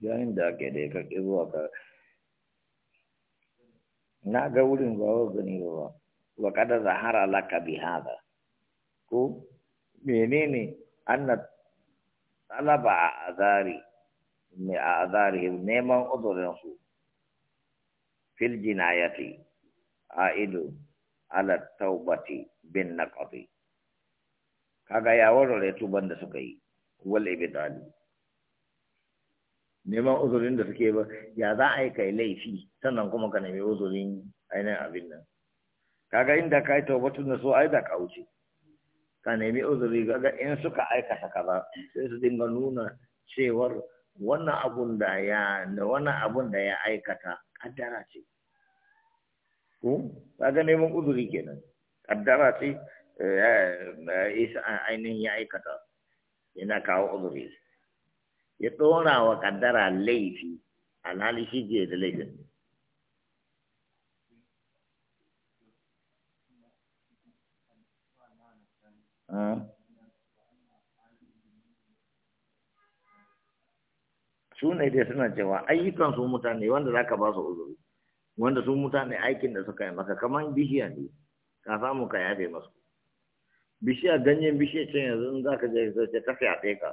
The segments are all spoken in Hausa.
yayin da ake da ya karɓi zuwa ka na ga wurin ba wa gani ba wa kada zahara laka bi hada ko menene anna talaba a azari ne a azari neman uzurin su fil jinayati aidu ala taubati bin naqati kaga ya warware tuban da suka yi wal ibdali neman uzurin da suke ba ya za a yi kai laifi sannan kuma ka nemi uzurin ainihin abin nan kaga inda ka yi taubatun da so ai da ka wuce ka nemi uzuri kaga in suka aikata kaza sai su dinga nuna cewar wannan abun da ya wannan abun da ya aikata kaddara ce ko kaga neman uzuri kenan kaddara ce eh, eh, eh, isa ainihin ya aikata yana kawo uzuri ya ɗora wa ƙaddara laifi alhali shi je da laifin hmm? su ne dai suna cewa ayyukan su mutane wanda za ka ba su uzuri wanda su mutane aikin da suka yi maka kamar bishiya ne ka samu ka yafe masu bishiya ganyen bishiya ce yanzu in za ka je ka ce ka fyaɗe ka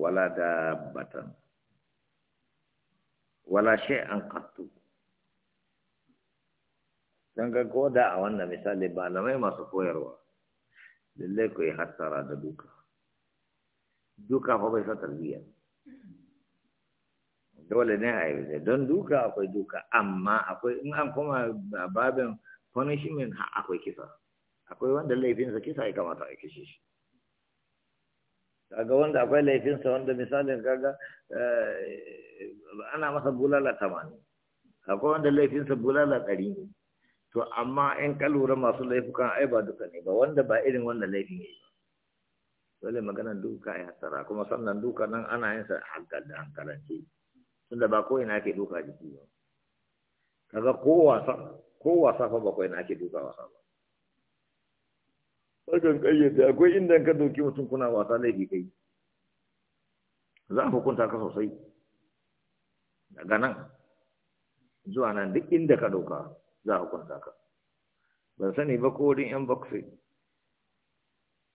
wala batan, wala an qattu dan ga goda a wannan misali ba mai masu koyarwa lalle ku yi hasara da duka duka fa bai sa tarbiyya dole ne a yi don duka akwai duka amma akwai in an kuma babin punishment akwai kisa akwai wanda laifinsa kisa ya kamata a kishe shi kaga wanda akwai laifinsa wanda misalin kaga eh, ana masa bulala tamanin akwai wanda laifinsa bulala ɗari ne to amma in ka lura masu laifukan ai ba duka ne ba wanda ba irin wanda laifin ya yi ba dole maganar duka ya tsara kuma sannan duka nan ana yin sa hankal da hankalance tunda ba ko ina ake duka jiki ba kaga ko wasa ko wasa fa ba ko ina ake duka wasa ba Sakan ƙayyade akwai inda ka doki mutum kuna wasa laifi kai. Za a hukunta ka sosai. Daga nan zuwa nan duk inda ka doka za a hukunta ka. Ban sani ba ko wurin 'yan boxing.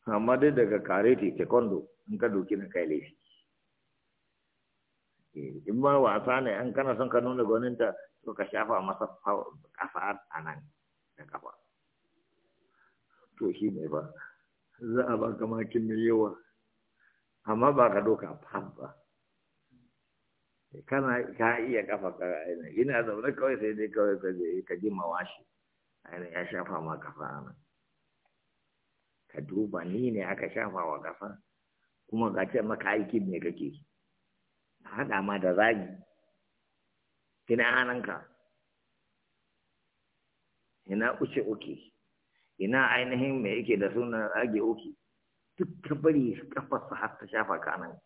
Amma dai daga kareti taekwondo in ka doki na kai laifi. Eh, in ma wasa ne an kana son ka nuna gwaninta to ka shafa masa kasa a nan da kafa. to shi ne ba za a ba ga makin miliyowa amma ba ka doka fam ba kana ka iya kafa ka aina ina zaune kawai sai dai kawai ka je ka ji mawashi aina ya shafa ma kafa ana ka duba ni ne aka shafa wa kafa kuma ga ce maka aikin ne kake hada ma da zagi ina hananka ina uce uke ina ainihin me yake da suna rage oke duk ka bari kafarsa har ta shafa kanan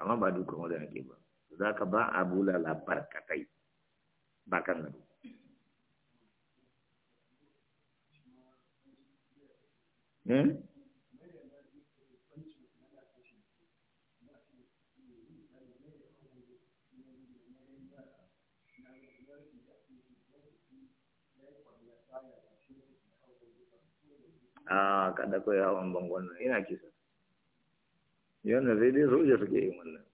amma ba dukan wanda nake ba za ka ba a labar barkatai ba kan nan Hmm? a kada ko wan bangon nan ina kisa yana zai dai soja suke yin wannan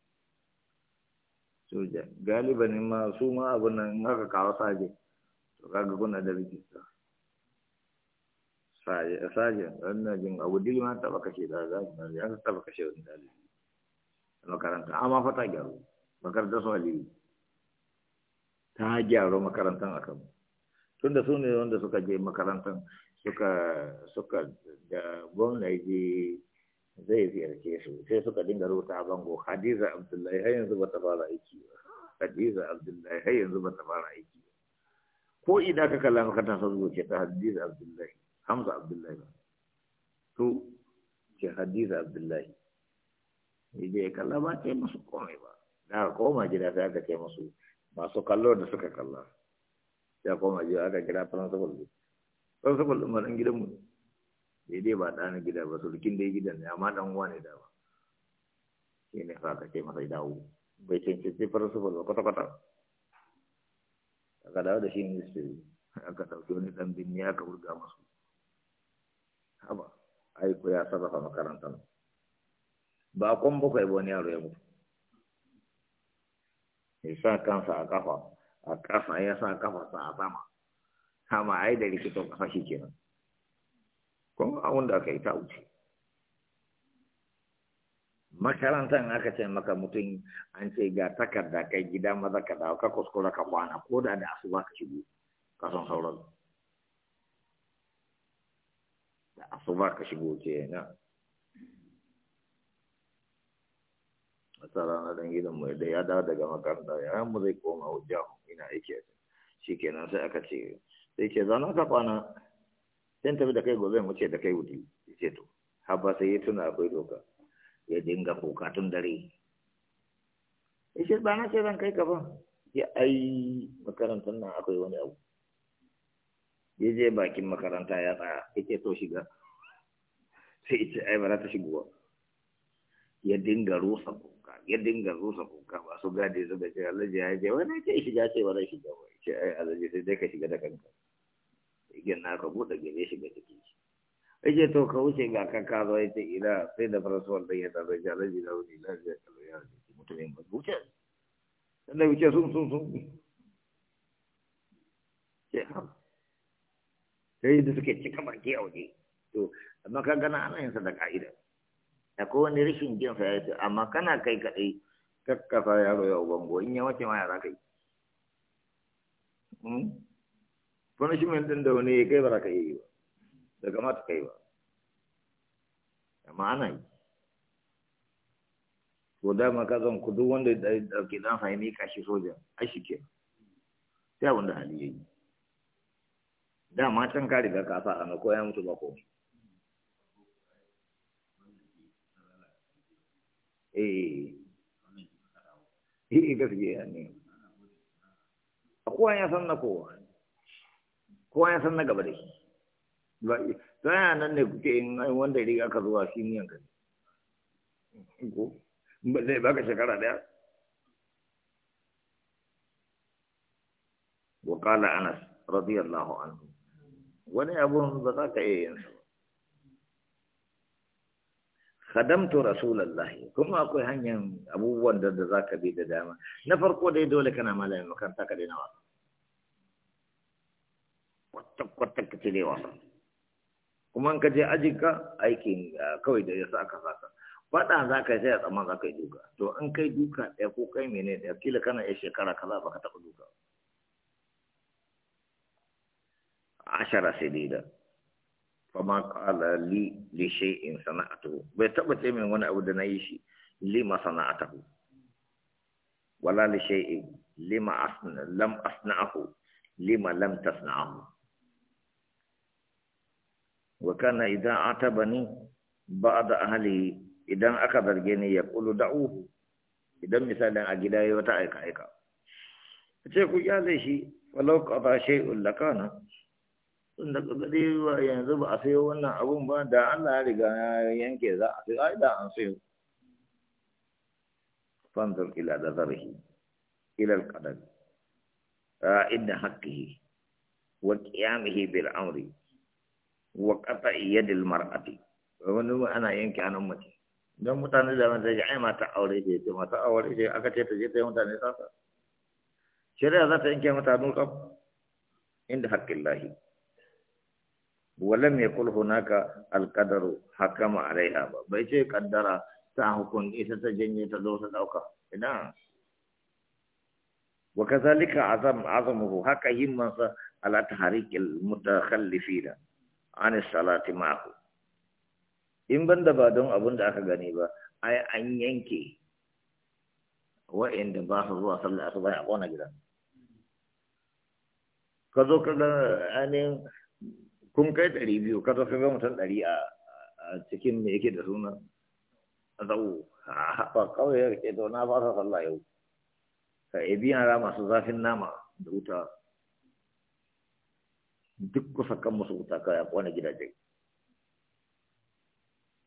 soja galiban ma su ma abun nan in aka kawo saje to kaga kuna da rijista saje wannan jin abu ma taba kashe da za su ya taba kashe wannan dalili. makaranta amma fata gyaru da su halili ta gyaru makarantan akan tunda su ne wanda suka je makarantan. suka suka da gwamnati zai ziyarce su sai suka dinga rubuta a bango hadiza abdullahi har yanzu ba ta fara aiki ba hadiza abdullahi har yanzu ba ta fara aiki ba ko idan ka kalla maka ta san ke ta hadiza abdullahi hamza abdullahi ba to ke hadiza abdullahi idan ya kalla ba ta yi musu komai ba da koma gida sai aka ce musu masu kallo da suka kalla ya koma gida aka kira principal principal ɗin maɗan gidanmu sai dai ba ɗa na gida ba surukin dai gidan ne amma ɗan uwa ne dama shi ne fa ka ce masa dawo bai cancanci principal ba kwata-kwata aka dawo da shi ministry aka ɗauki wani ɗan binni aka wurga masu haba aiko ya sarrafa makarantar ba kwan bakwai ba wani yaro ya mutu ya sa kansa a kafa a kafa ya sa kafa sa a sama hama ai da rikiton kafa shi kenan kuma abin da aka yi ta wuce makarantar aka ce maka mutum an ce ga takarda kai gida maza ka dawo ka kuskura ka kwana ko da da asuba ka shigo ka san sauran da asuba ka shigo ce na wata na dan gidan mai da ya dawo daga makaranta ya mu zai koma hujja ina aiki a shi kenan sai aka ce sai ce zauna ka kwana sai tafi da kai gobe mu ce da kai wuri ya ce to habba sai ya tuna akwai doka ya dinga kuka tun dare ya ce ba na ce zan kai gaba ya ai makarantar nan akwai wani abu ya je bakin makaranta ya tsaya ya ce to shiga sai ce ai ba za ta shigo ba ya dinga rusa kuka ya dinga rusa kuka ba su gadi su da ce alaji ya ce wani ce shiga ce ba zai shiga ba ce ai alaji sai dai ka shiga da kanka igiyar na buɗe gare shi ga ciki yake to ka wuce ga ka zo ya ce ila sai da farasuwar da ya tsara jalaji da wani lafiya ta ya jiki mutumin ba wuce sai wuce sun sun sun ce ha sai yadda suke cika baki a waje to amma ka gana ana yin sadaka sa da ko wani rashin jin sa ce amma kana kai kadai kakkafa yaro ya ubango in ya wace ma ya za ka yi punishment din da wani ya kai ba ka yi ba da kamata kai ba amma ana ko da maka zan ku duk wanda ya ɗauki ɗan fahimi kashi soja a shi ke sai abin da hali yayi da dama can ka riga ka sa ana ko ya mutu ba komai eh eh gaskiya ne kowa ya san na kowa kowa ya san na gaba dai. shi to yana nan ne kuke in wanda riga aka zuwa shi miyan ka ko zai baka shekara daya wa qala anas radiyallahu anhu wani abun ba za ka iya yin sa khadamtu rasulullahi kuma akwai hanyar abubuwan da za ka bi da dama na farko dai dole kana malamin makaranta ka daina wasa kwata-kwata ka cire ba kuma ka je ajinka aikin kawai da ya sa aka saka faɗa za ka yi sai a tsamma za ka yi duka to an kai duka ɗaya ko kai mene ɗaya kila kana iya shekara kaza ba ka taɓa duka ashara sai dai da fama ƙala li li shay'in sana'atu bai taɓa ce min wani abu da na yi shi lima sana'atahu wala li shay'in lima asna lam asna'ahu lima lam tasna'ahu وكان إذا عتبني بعض أهلي إذا أكبر جني يقول دعوه إذا مثلا أجداي وتأيك أيك فتقول يا ليشي ولو قضى شيء لكان إن قدي وينذب أسيه وأن أبوم بعد الله رجع ينكذا في أيضا أسيه فانظر إلى ذره إلى القدر إلى آه، حقه وقيامه بالأمر وقطع يد المرأة ونو أنا ينك أنا أمتي دم متاني دم تجاه ما تأوري شيء ما تأوري شيء أكتر شيء تجاه دم ساسا شرع هذا تينك ما تأوري كم عند حق الله ولم يقل هناك القدر حكم عليها بيجي قدرة تاهو كون إذا تجني تدوس تاوكا إنا وكذلك عظم عظمه هكا يمنص على تحريك المتخلفين anis salati ma'ahu in ban da ba don abin da aka gani ba ai an yanke wa'inda ba su zuwa sallar asuba a kona gida. ka zo ka ga ainihin kun kai ɗari biyu ka zo ka ga mutum ɗari a cikin me yake da suna zau ba kawai ya rike na na su sallah yau ka ebi yara masu zafin nama da wuta duk kusa kan musu wuta kawai a kone gidaje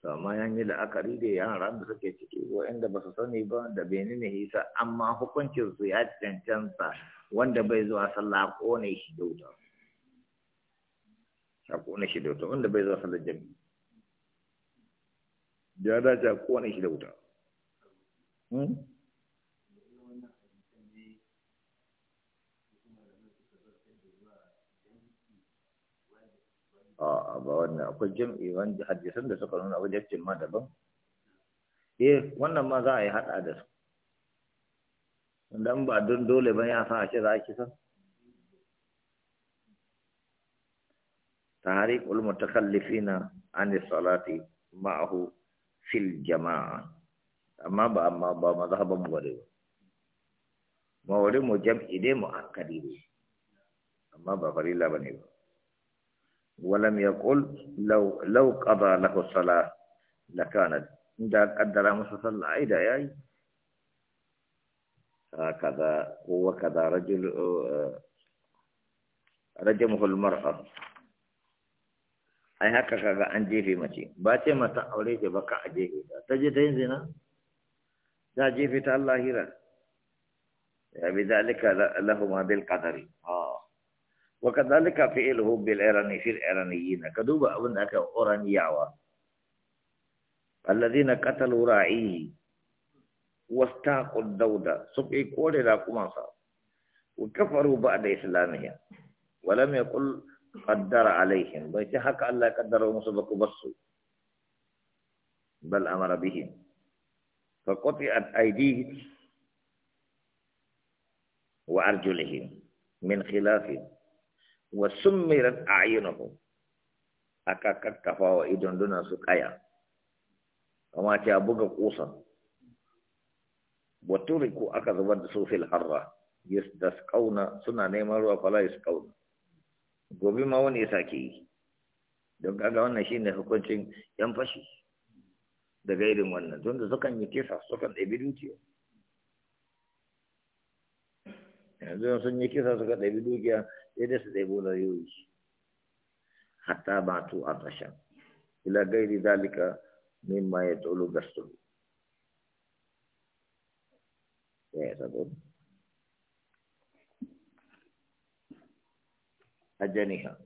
amma yan yi la'akari da yaran da suke ciki wa'anda ba su sani ba da bai ne hisa amma hukuncin su ya cancanta wanda bai zuwa sallah kone shi da wuta a kone shi da wuta wanda bai zuwa sallah jami ya dace a kone shi da wuta hmm? a ba wannan akwai jam'i wanda hadisan da suka nuna wajabcin ma daban eh wannan ma za a yi hada da su dan ba don dole ba ya sa a ce za a kisa tahriq ul mutakallifina an salati ma'ahu fil jama'a amma ba amma ba mazhaban mu bare ba mu jam'i dai mu akadi dai amma ba farilla bane ba ولم يقل لو لو قضى له الصلاة لكانت عند قدر مصلى عيدا يعني هكذا هو كذا رجل آه، رجمه المرأة أي هكذا عندي في مشي باتي ما تأوليك بقى عجيه تجدين زنا لا في تالله هيرا يعني بذلك لهما بالقدر آه وكذلك فعله بالإيراني في الإيرانيين كدوب أبنك أوران أورانياوة الذين قتلوا راعيه واستاقوا الدودة سبعي كوري راكو مصر وكفروا بعد إسلامهم ولم يقل قدر عليهم بيت حق الله قدروا مصبك بصوا بل أمر بهم فقطعت أيديهم وأرجلهم من خلاف wa summirat a'yunuhum aka kakkafa wa idon duna su kaya kama ce a buga kusa wa turiku aka zubar da su fil harra kauna suna neman ruwa fala kauna? gobe ma wani ya sake yi don kaga wannan shine hukuncin yan fashi daga irin wannan don da sukan yi kisa sukan ɗabi dukiya yanzu sun yi kisa suka ɗabi dukiya sai dai su ɗebo na yoyi hatta matu a tasha ila gairi dalika mimma ya tolo gasto ya yi sabo a